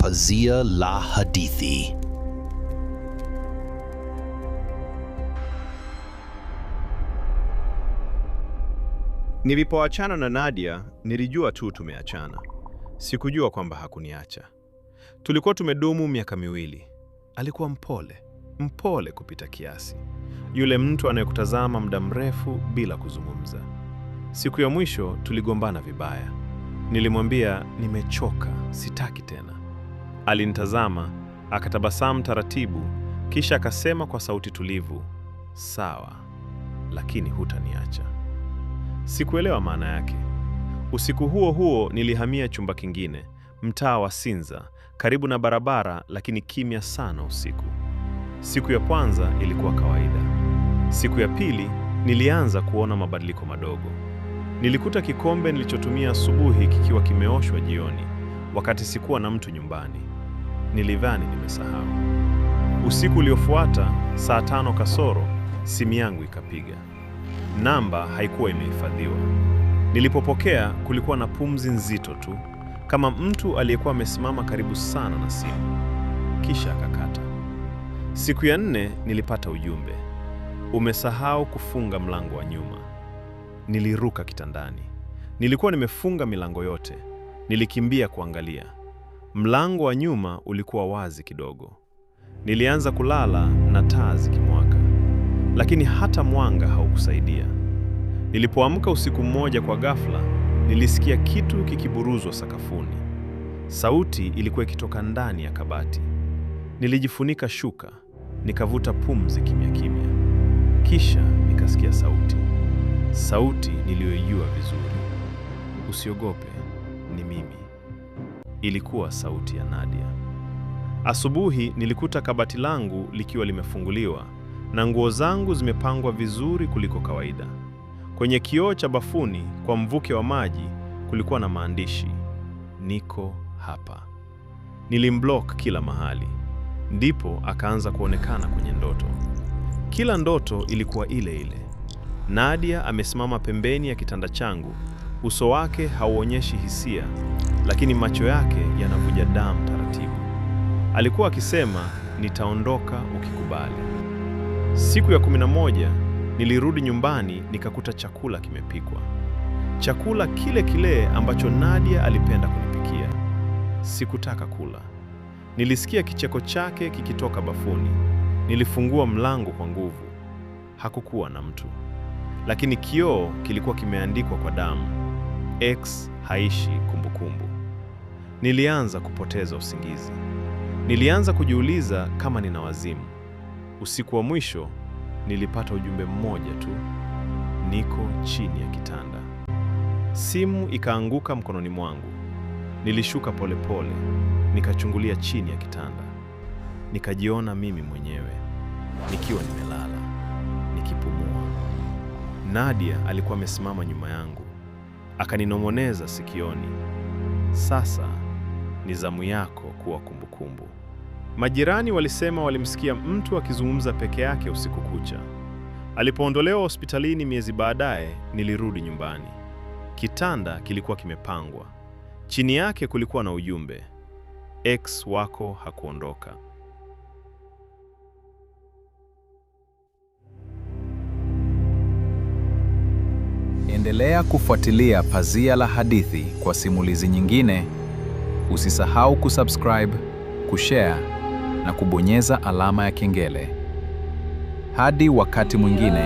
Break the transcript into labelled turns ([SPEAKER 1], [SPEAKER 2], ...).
[SPEAKER 1] Pazia la Hadithi. Nilipoachana na Nadia, nilijua tu tumeachana. Sikujua kwamba hakuniacha. Tulikuwa tumedumu miaka miwili. Alikuwa mpole, mpole kupita kiasi. Yule mtu anayekutazama muda mrefu bila kuzungumza. Siku ya mwisho tuligombana vibaya. Nilimwambia nimechoka, sitaki tena. Alinitazama, akatabasamu taratibu, kisha akasema kwa sauti tulivu, sawa, lakini hutaniacha. Sikuelewa maana yake. Usiku huo huo nilihamia chumba kingine, mtaa wa Sinza, karibu na barabara, lakini kimya sana usiku. Siku ya kwanza ilikuwa kawaida. Siku ya pili nilianza kuona mabadiliko madogo. Nilikuta kikombe nilichotumia asubuhi kikiwa kimeoshwa jioni, wakati sikuwa na mtu nyumbani nilidhani nimesahau. Usiku uliofuata saa tano kasoro simu yangu ikapiga. Namba haikuwa imehifadhiwa. Nilipopokea kulikuwa na pumzi nzito tu, kama mtu aliyekuwa amesimama karibu sana na simu, kisha akakata. Siku ya nne nilipata ujumbe, umesahau kufunga mlango wa nyuma. Niliruka kitandani, nilikuwa nimefunga milango yote. Nilikimbia kuangalia Mlango wa nyuma ulikuwa wazi kidogo. Nilianza kulala na taa zikimwaka, lakini hata mwanga haukusaidia. Nilipoamka usiku mmoja, kwa ghafla nilisikia kitu kikiburuzwa sakafuni. Sauti ilikuwa ikitoka ndani ya kabati. Nilijifunika shuka, nikavuta pumzi kimya kimya, kisha nikasikia sauti, sauti niliyoijua vizuri: usiogope, ni mimi. Ilikuwa sauti ya Nadia. Asubuhi nilikuta kabati langu likiwa limefunguliwa na nguo zangu zimepangwa vizuri kuliko kawaida. Kwenye kioo cha bafuni kwa mvuke wa maji kulikuwa na maandishi, niko hapa. Nilimblock kila mahali, ndipo akaanza kuonekana kwenye ndoto. Kila ndoto ilikuwa ile ile. Nadia amesimama pembeni ya kitanda changu Uso wake hauonyeshi hisia, lakini macho yake yanavuja damu taratibu. Alikuwa akisema, nitaondoka ukikubali. Siku ya kumi na moja nilirudi nyumbani, nikakuta chakula kimepikwa, chakula kile kile ambacho Nadia alipenda kunipikia. Sikutaka kula. Nilisikia kicheko chake kikitoka bafuni. Nilifungua mlango kwa nguvu. Hakukuwa na mtu, lakini kioo kilikuwa kimeandikwa kwa damu. X haishi kumbukumbu. Nilianza kupoteza usingizi. Nilianza kujiuliza kama nina wazimu. Usiku wa mwisho nilipata ujumbe mmoja tu, niko chini ya kitanda. Simu ikaanguka mkononi mwangu. Nilishuka polepole nikachungulia chini ya kitanda, nikajiona mimi mwenyewe nikiwa nimelala nikipumua. Nadia alikuwa amesimama nyuma yangu akaninong'oneza sikioni, sasa ni zamu yako kuwa kumbukumbu. Majirani walisema walimsikia mtu akizungumza peke yake usiku kucha. Alipoondolewa hospitalini miezi baadaye, nilirudi nyumbani. Kitanda kilikuwa kimepangwa, chini yake kulikuwa na ujumbe: ex wako hakuondoka.
[SPEAKER 2] Endelea kufuatilia Pazia la Hadithi kwa simulizi nyingine. Usisahau kusubscribe, kushare na kubonyeza alama ya kengele. Hadi wakati mwingine.